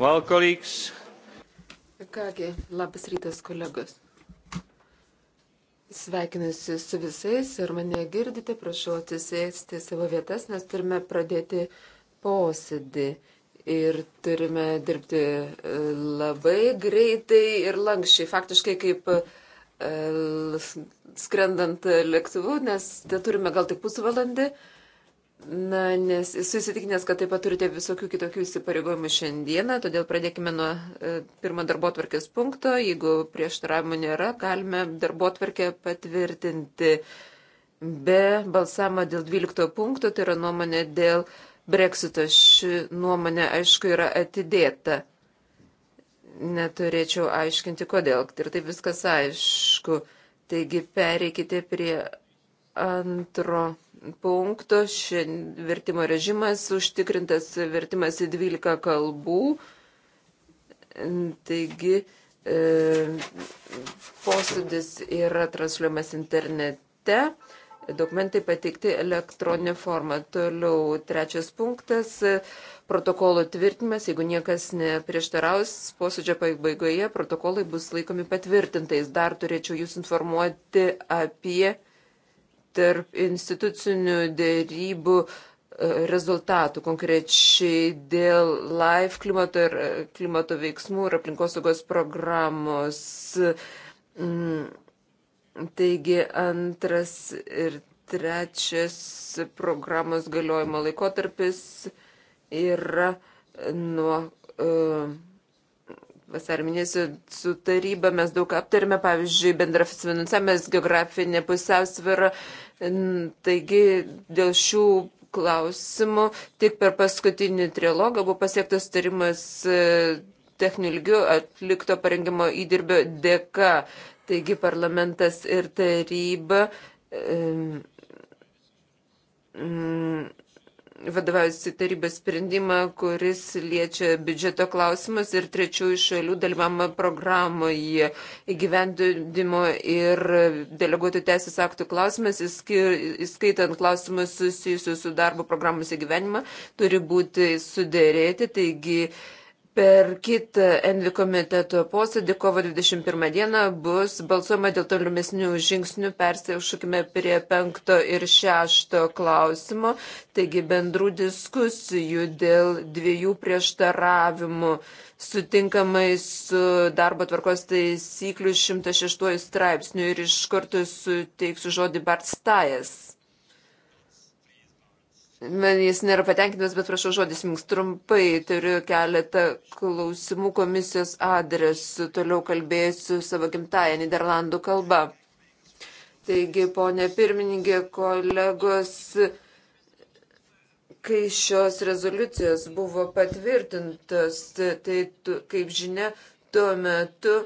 Well, colleagues. Kągi, labas rytas, kolegos. Sveikinusi su visais ir mane girdite, prašau atsisėsti savo vietas, nes turime pradėti posėdį ir turime dirbti e, labai greitai ir lankščiai, faktiškai kaip e, skrendant lėktuvu, nes turime gal tik pusvalandį. Na, nes esu įsitikinęs, kad taip pat turite visokių kitokių įsipareigojimų šiandieną, todėl pradėkime nuo e, pirmo darbo tvarkės punkto. Jeigu prieštaravimų nėra, galime darbo tvarkę patvirtinti be balsamo dėl 12 punkto, tai yra nuomonė dėl breksito. Ši nuomonė, aišku, yra atidėta. Neturėčiau aiškinti, kodėl. Ir tai viskas aišku. Taigi pereikite prie antro punkto ši vertimo režimas užtikrintas vertimas į 12 kalbų. Taigi e, posėdis yra transliuojamas internete, dokumentai pateikti elektroninė forma. Toliau trečias punktas - protokolo tvirtinimas. Jeigu niekas neprieštaraus, posėdžio pabaigoje protokolai bus laikomi patvirtintais. Dar turėčiau jūs informuoti apie tarp institucinių dėrybų e, rezultatų konkrečiai dėl LIFE klimato ir e, klimato veiksmų ir aplinkosaugos programos. Mm, taigi antras ir trečias programos galiojimo laikotarpis yra nuo. Uh, Vasario mėnesio su taryba mes daug aptarėme, pavyzdžiui, bendra finansavimas, geografinė pusiausvėra. Taigi dėl šių klausimų tik per paskutinį trilogą buvo pasiektas tarimas e, techninių lygių atlikto parengimo įdirbio dėka. Taigi parlamentas ir taryba. Um, mm, vadovaujasi tarybos sprendimą, kuris liečia biudžeto klausimus ir trečiųjų šalių dalyvavimą programoje įgyvendimo ir deleguotų teisės aktų klausimas, įskaitant klausimus susijusius su darbo programos įgyvenimą, turi būti sudėrėti. Taigi, Per kitą Envi komiteto posėdį kovo 21 dieną bus balsuojama dėl tolimesnių žingsnių. Persiauškime prie penkto ir šešto klausimo, taigi bendrų diskusijų dėl dviejų prieštaravimų sutinkamai su darbo tvarkos taisyklių 106 straipsniu ir iš karto suteiksiu žodį Bartstajas. Man jis nėra patenkinamas, bet prašau žodis jums trumpai. Turiu keletą klausimų komisijos adresu. Toliau kalbėsiu savo gimtają Niderlandų kalbą. Taigi, ponė pirmininkė, kolegos, kai šios rezoliucijos buvo patvirtintos, tai, kaip žinia, tuo metu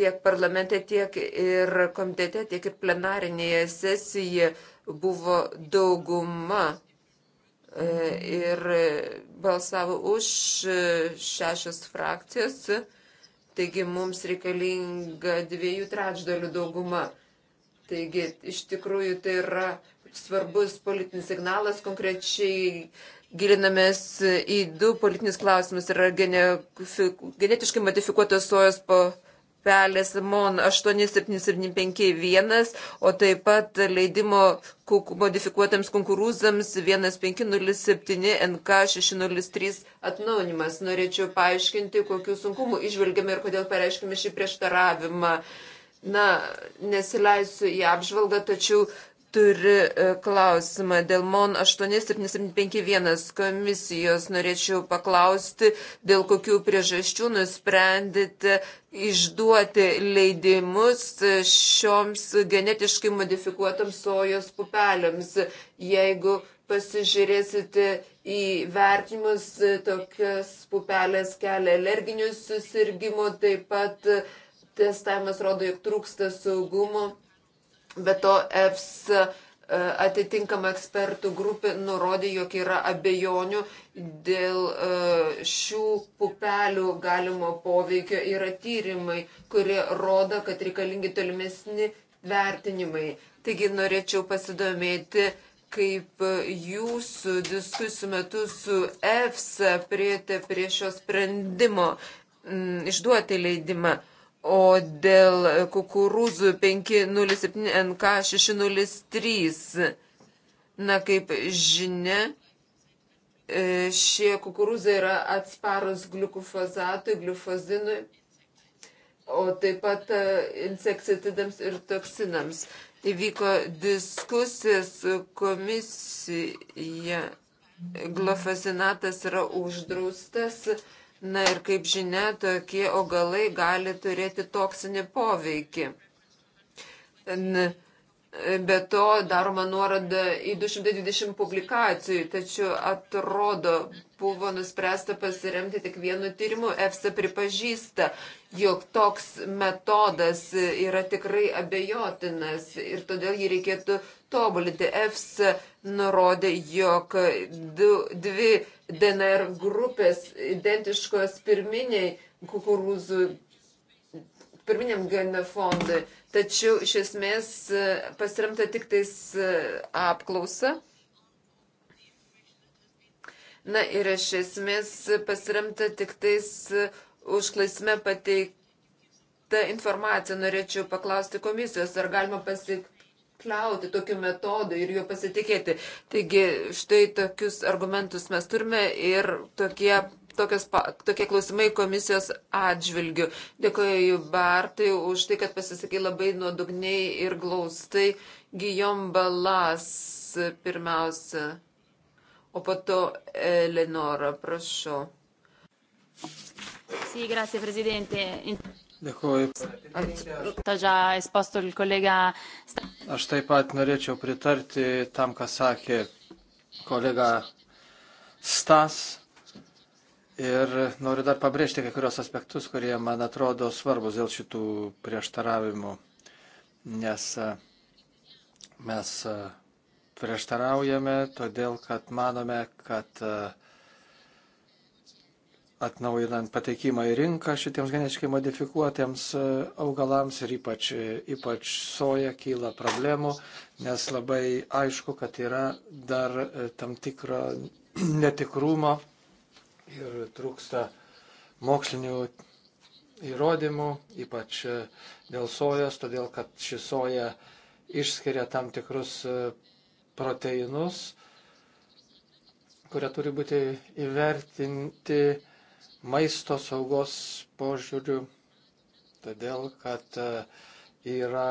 tiek parlamente, tiek ir komitete, tiek ir plenarinėje sesijoje buvo dauguma ir balsavo už e, šešios frakcijos, taigi mums reikalinga dviejų trečdalių dauguma. Taigi iš tikrųjų tai yra svarbus politinis signalas, konkrečiai gilinamės į du politinius klausimus, yra gene, genetiškai modifikuotos sojos po grupelės MON 87751, o taip pat leidimo modifikuotams konkurūzams 1507 NK603 atnaunimas. Norėčiau paaiškinti, kokiu sunkumu išvelgiame ir kodėl pareiškime šį prieštaravimą. Na, nesileisiu į apžvalgą, tačiau turi e, klausimą dėl MON 8751 komisijos. Norėčiau paklausti, dėl kokių priežasčių nusprendėte išduoti leidimus šioms genetiškai modifikuotams sojos pupelėms. Jeigu pasižiūrėsite į vertimus, tokias pupelės kelia alerginius susirgymo, taip pat testavimas rodo, jog trūksta saugumo Bet to EFSA atitinkama ekspertų grupė nurodė, jog yra abejonių dėl e, šių pupelių galimo poveikio. Yra tyrimai, kurie rodo, kad reikalingi tolimesni vertinimai. Taigi norėčiau pasidomėti, kaip jūsų diskusijų metu su EFSA prieite prie šio sprendimo m, išduoti leidimą. O dėl kukurūzų 507 NK 603, na kaip žinia, e, šie kukurūzai yra atsparus glukofazatui, glifozinui, o taip pat e, insekticidams ir toksinams. Įvyko diskusijas komisija. Glofazinatas yra uždraustas. Mm Na ir kaip žinia, tokie augalai gali turėti toksinį poveikį. N Be to daroma nuorada į 220 publikacijų, tačiau atrodo, buvo nuspręsta pasiremti tik vienu tyrimu. EFSA pripažįsta, jog toks metodas yra tikrai abejotinas ir todėl jį reikėtų tobulinti. EFSA nurodė, jog du, dvi DNR grupės identiškos pirminiai kukurūzų pirminiam genofondui tačiau iš esmės e, pasiremta tik tais e, apklausa. Na ir iš esmės pasiremta tik tais e, užklausime pateikta informacija. Norėčiau paklausti komisijos, ar galima pasikliauti tokiu metodu ir juo pasitikėti. Taigi štai tokius argumentus mes turime ir tokie tokios, tokie klausimai komisijos atžvilgių. Dėkoju Bartai už tai, kad pasisakai labai nuodugniai ir glaustai. Gijom Balas pirmiausia, o po to Eleonora, prašau. Sì, grazie Presidente. Dėkuoju. Aš taip pat norėčiau pritarti tam, ką sakė kolega Stas Ir noriu dar pabrėžti kai kurios aspektus, kurie man atrodo svarbus dėl šitų prieštaravimų, nes e, mes e, prieštaraujame todėl, kad manome, kad e, atnaujinant pateikimą į rinką šitiems genetiškai modifikuotiems augalams ir ypač, ypač soja kyla problemų, nes labai aišku, kad yra dar tam tikro netikrumo ir trūksta mokslinių įrodymų, ypač e, dėl sojos, todėl kad ši soja išskiria tam tikrus e, proteinus, kurie turi būti įvertinti maisto saugos požiūrių, todėl kad e, yra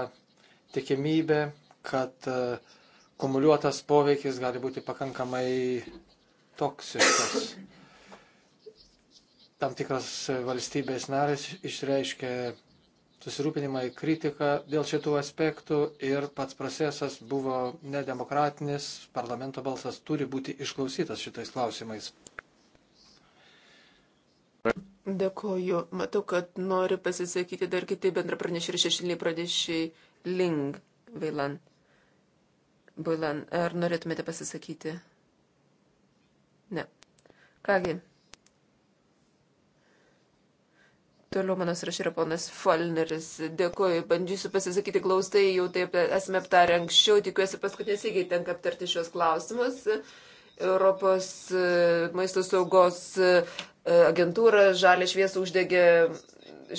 tikimybė, kad kumuliuotas poveikis gali būti pakankamai toksiškas tam tikros valstybės narės išreiškė susirūpinimą į kritiką dėl šitų aspektų ir pats procesas buvo nedemokratinis, parlamento balsas turi būti išklausytas šitais klausimais. Dėkoju. Matau, kad nori pasisakyti dar kiti bendra pranešiai ir šešiniai pranešiai Ling Vailan. Bailan, ar norėtumėte pasisakyti? Ne. Kągi. Toliau mano sąrašė yra ponas Folneris. Dėkuoju, bandysiu pasisakyti glaustai, jau taip esame aptarę anksčiau, tikiuosi paskutinės įgiai tenka aptarti šios klausimus. Europos e, maisto saugos e, agentūra žalį šviesą uždegė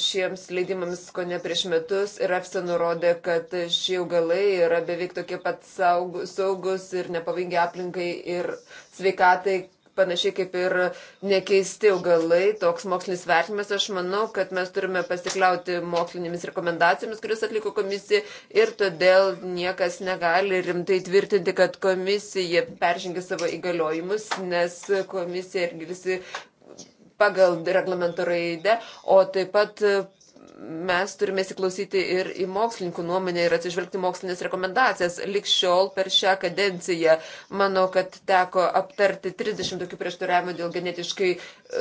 šiems leidimams, ko ne prieš metus, ir EFSA nurodė, kad šie augalai yra beveik tokie pat saugus ir nepavingi aplinkai ir sveikatai panašiai kaip ir nekeisti augalai, toks mokslinis vertimas. Aš manau, kad mes turime pasikliauti mokslinėmis rekomendacijomis, kuris atliko komisija ir todėl niekas negali rimtai tvirtinti, kad komisija peržengė savo įgaliojimus, nes komisija irgi visi pagal reglamento raidę, o taip pat mes turime įsiklausyti ir į mokslininkų nuomonę ir atsižvelgti mokslinės rekomendacijas. Lik šiol per šią kadenciją, manau, kad teko aptarti 30 tokių prieštaravimų dėl genetiškai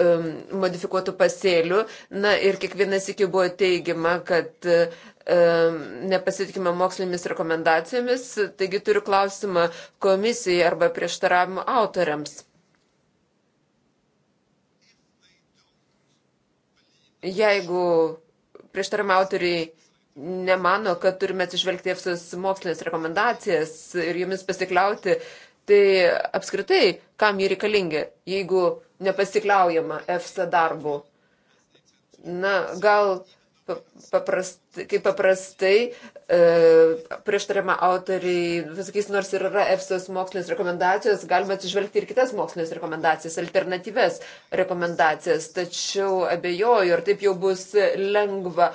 um, modifikuotų pasėlių. Na ir kiekvienas iki buvo teigiama, kad um, nepasitikime mokslinėmis rekomendacijomis. Taigi turiu klausimą komisijai arba prieštaravimų autoriams. Jeigu Prieštaram autoriai nemano, kad turime atsižvelgti EFSAS mokslinės rekomendacijas ir jomis pasikliauti. Tai apskritai, kam jį reikalingi, jeigu nepasikliaujama EFSA darbu? Na, gal paprast, kaip paprastai e, prieštarima autoriai, visakys nors ir yra EFSOS mokslinės rekomendacijos, galima atsižvelgti ir kitas mokslinės rekomendacijas, alternatyves rekomendacijas, tačiau abejoju, ar taip jau bus lengva e,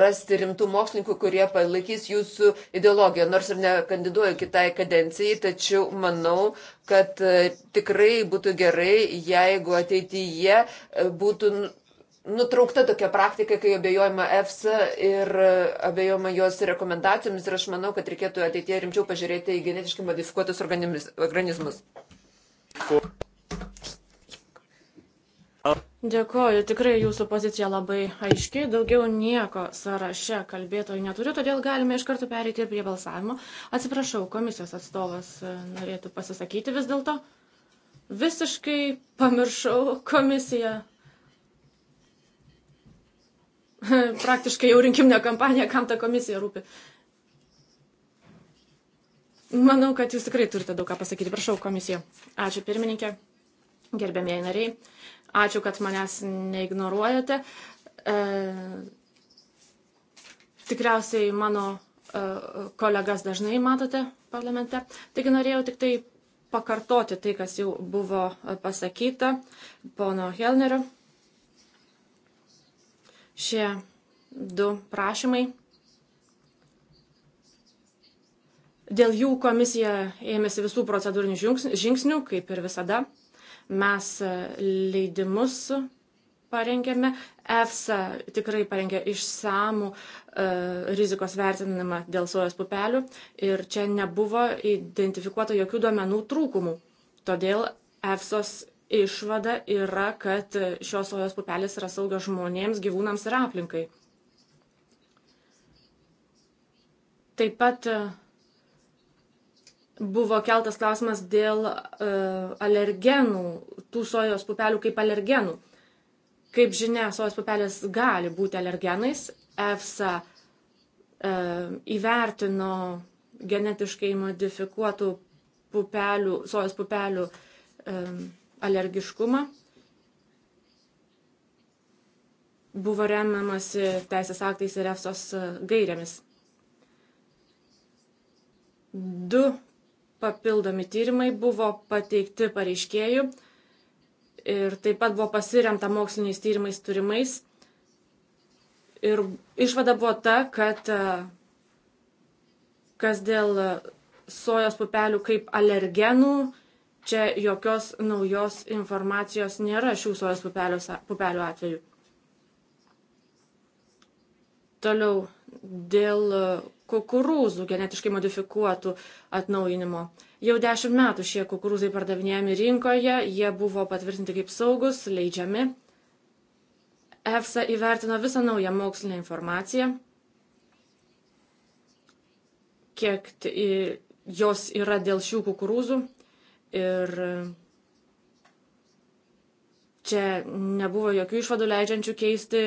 rasti rimtų mokslininkų, kurie palaikys jūsų ideologiją. Nors ir nekandiduoju kitai kadencijai, tačiau manau, kad e, tikrai būtų gerai, jeigu ateityje e, būtų nutraukta tokia praktika, kai abejojama EFSA ir e, abejojama jos rekomendacijomis ir aš manau, kad reikėtų ateitie rimčiau pažiūrėti į genetiškai modifikuotus organizmus. Dėkoju, tikrai jūsų pozicija labai aiški, daugiau nieko sąraše kalbėtojų neturiu, todėl galime iš karto pereiti prie balsavimo. Atsiprašau, komisijos atstovas e, norėtų pasisakyti vis dėlto. Visiškai pamiršau komisiją praktiškai jau rinkiminė kampanija, kam ta komisija rūpi. Manau, kad jūs tikrai turite daug ką pasakyti. Prašau, komisija. Ačiū pirmininkė, gerbėmėjai nariai. Ačiū, kad manęs neignoruojate. E, tikriausiai mano e, kolegas dažnai matote parlamente. Taigi norėjau tik tai pakartoti tai, kas jau buvo pasakyta pono Helnerio šie du prašymai. Dėl jų komisija ėmėsi visų procedūrinių žingsnių, kaip ir visada. Mes e, leidimus parengėme, EFSA tikrai parengė išsamų e, rizikos vertinimą dėl sojos pupelių ir čia nebuvo identifikuota jokių duomenų trūkumų. Todėl EFSOS išvada yra, kad šios sojos pupelės yra saugios žmonėms, gyvūnams ir aplinkai. Taip pat e, buvo keltas klausimas dėl e, alergenų, tų sojos pupelių kaip alergenų. Kaip žinia, sojos pupelės gali būti alergenais. EFSA e, įvertino genetiškai modifikuotų pupelių, sojos pupelių alergiškumą. Buvo remiamasi teisės aktais ir EFSOS gairėmis. Du papildomi tyrimai buvo pateikti pareiškėjų ir taip pat buvo pasiremta moksliniais tyrimais turimais. Ir išvada buvo ta, kad kas dėl sojos pupelių kaip alergenų Čia jokios naujos informacijos nėra šių sojos pupelių atveju. Toliau dėl kukurūzų genetiškai modifikuotų atnaujinimo. Jau dešimt metų šie kukurūzai pardavinėjami rinkoje, jie buvo patvirtinti kaip saugus, leidžiami. EFSA įvertino visą naują mokslinę informaciją, kiek jos yra dėl šių kukurūzų. Ir čia nebuvo jokių išvadų leidžiančių keisti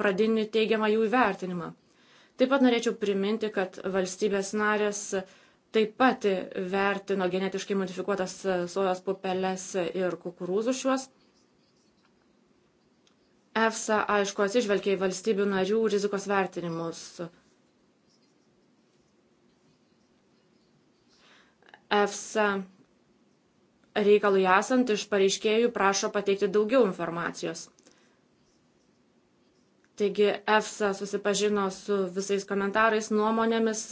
pradinį teigiamą jų įvertinimą. Taip pat norėčiau priminti, kad valstybės narės taip pat vertino genetiškai modifikuotas sojos pupeles ir kukurūzų šiuos. EFSA, aišku, atsižvelgia į valstybių narių rizikos vertinimus. EFSA reikalui esant iš pareiškėjų prašo pateikti daugiau informacijos. Taigi EFSA susipažino su visais komentarais, nuomonėmis,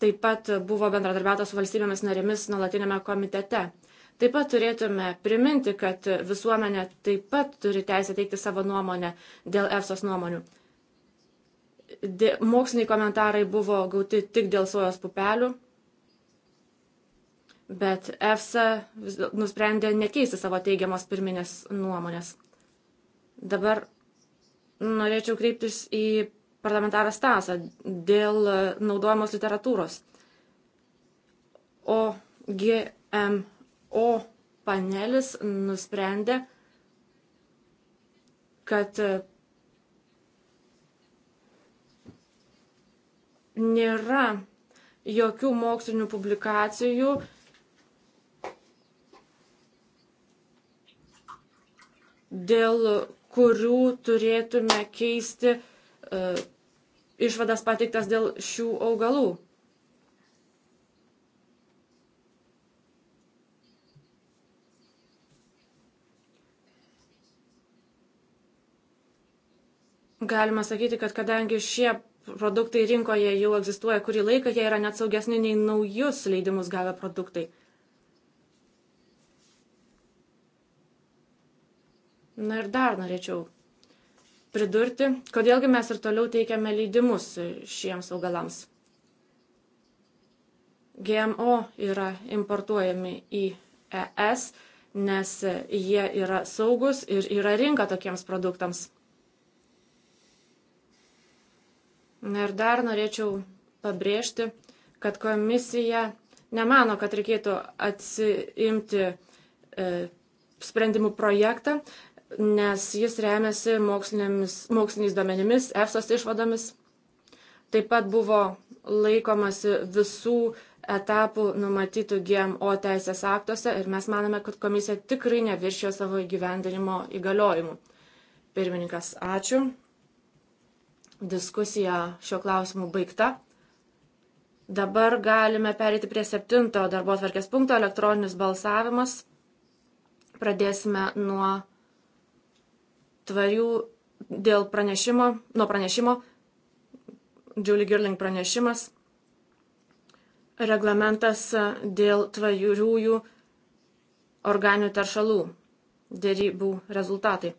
taip pat buvo bendradarbiauta su valstybėmis narėmis nuolatinėme komitete. Taip pat turėtume priminti, kad visuomenė taip pat turi teisę teikti savo nuomonę dėl EFSOS nuomonių. Moksliniai komentarai buvo gauti tik dėl sojos pupelių, bet EFSA nusprendė nekeisti savo teigiamos pirminės nuomonės. Dabar norėčiau kreiptis į parlamentarą Stasą dėl naudojamos literatūros. O GMO panelis nusprendė, kad nėra jokių mokslinių publikacijų dėl kurių turėtume keisti uh, išvadas pateiktas dėl šių augalų. Galima sakyti, kad kadangi šie produktai rinkoje jau egzistuoja kurį laiką, jie yra net saugesni nei naujus leidimus gavę produktai. Na ir dar norėčiau pridurti, kodėlgi mes ir toliau teikiame leidimus šiems augalams. GMO yra importuojami į ES, nes jie yra saugus ir yra rinka tokiems produktams. Na ir dar norėčiau pabrėžti, kad komisija nemano, kad reikėtų atsiimti e, sprendimų projektą, nes jis remiasi moksliniais duomenimis, EFSOS išvadomis. Taip pat buvo laikomasi visų etapų numatytų GMO teisės aktuose ir mes manome, kad komisija tikrai neviršijo savo įgyvendinimo įgaliojimų. Pirmininkas, ačiū. Diskusija šiuo klausimu baigta. Dabar galime perėti prie septinto darbo atvarkės punkto - elektroninis balsavimas. Pradėsime nuo tvarių dėl pranešimo, nuo pranešimo, Julie Girling pranešimas, reglamentas dėl tvariųjų organinių teršalų dėrybų rezultatai.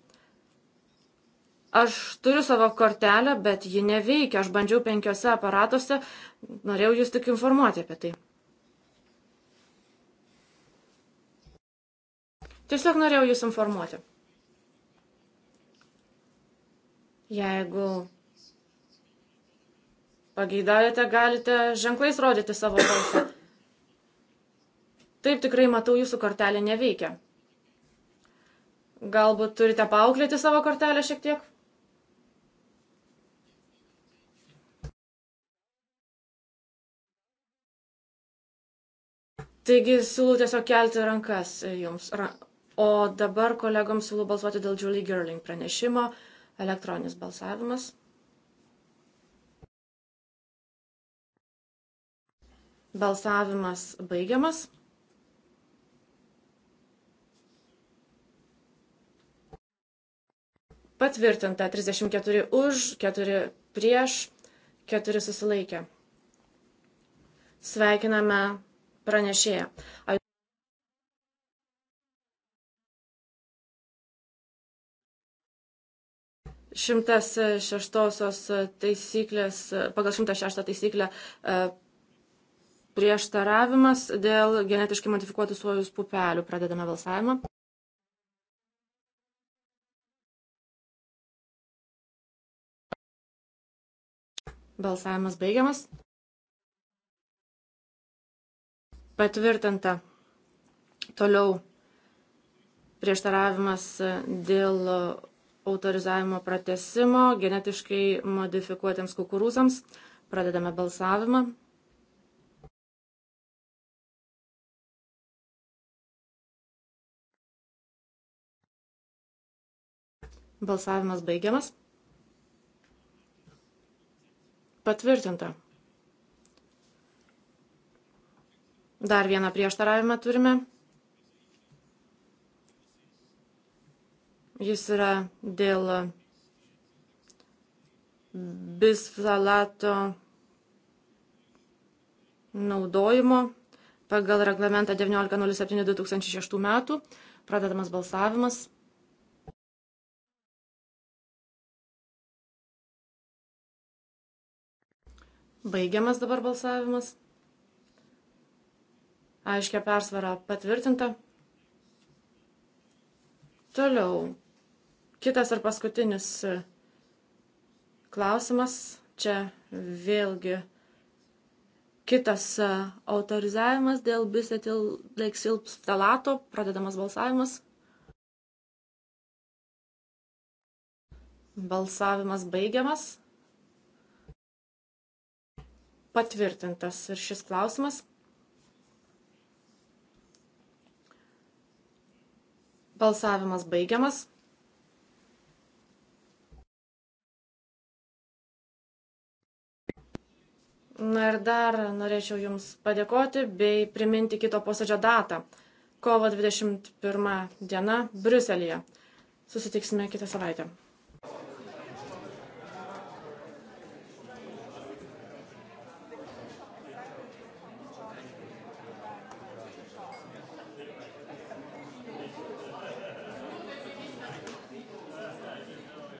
Aš turiu savo kortelę, bet ji neveikia. Aš bandžiau penkiose aparatuose, norėjau jūs tik informuoti apie tai. Tiesiog norėjau jūs informuoti. Jeigu pageidaujate, galite ženklais rodyti savo balsą. Taip tikrai matau, jūsų kortelė neveikia. Galbūt turite paauklėti savo kortelę šiek tiek? Taigi siūlau tiesiog kelti rankas jums. O dabar kolegoms siūlau balsuoti dėl Julie Girling pranešimo. Elektroninis balsavimas. Balsavimas baigiamas. Patvirtinta 34 už, 4 prieš, 4 susilaikė. Sveikiname pranešėją. 106 taisyklės, pagal 106 taisyklę e, prieštaravimas dėl genetiškai modifikuotų suojus pupelių. Pradedame balsavimą. Balsavimas baigiamas. Patvirtinta. Toliau prieštaravimas dėl autorizavimo pratesimo genetiškai modifikuotiems kukurūzams. Pradedame balsavimą. Balsavimas baigiamas. Patvirtinta. Dar vieną prieštaravimą turime. Jis yra dėl bisfalato naudojimo pagal reglamentą 1907-2006 metų. Pradedamas balsavimas. Baigiamas dabar balsavimas. Aiškia persvara patvirtinta. Toliau. Kitas ir paskutinis e, klausimas. Čia vėlgi kitas e, autorizavimas dėl bisetileksilpstalato, pradedamas balsavimas. Balsavimas baigiamas. Patvirtintas ir šis klausimas. Balsavimas baigiamas. Na ir dar norėčiau Jums padėkoti bei priminti kito posėdžio datą. Kovo 21 diena Briuselėje. Susitiksime kitą savaitę.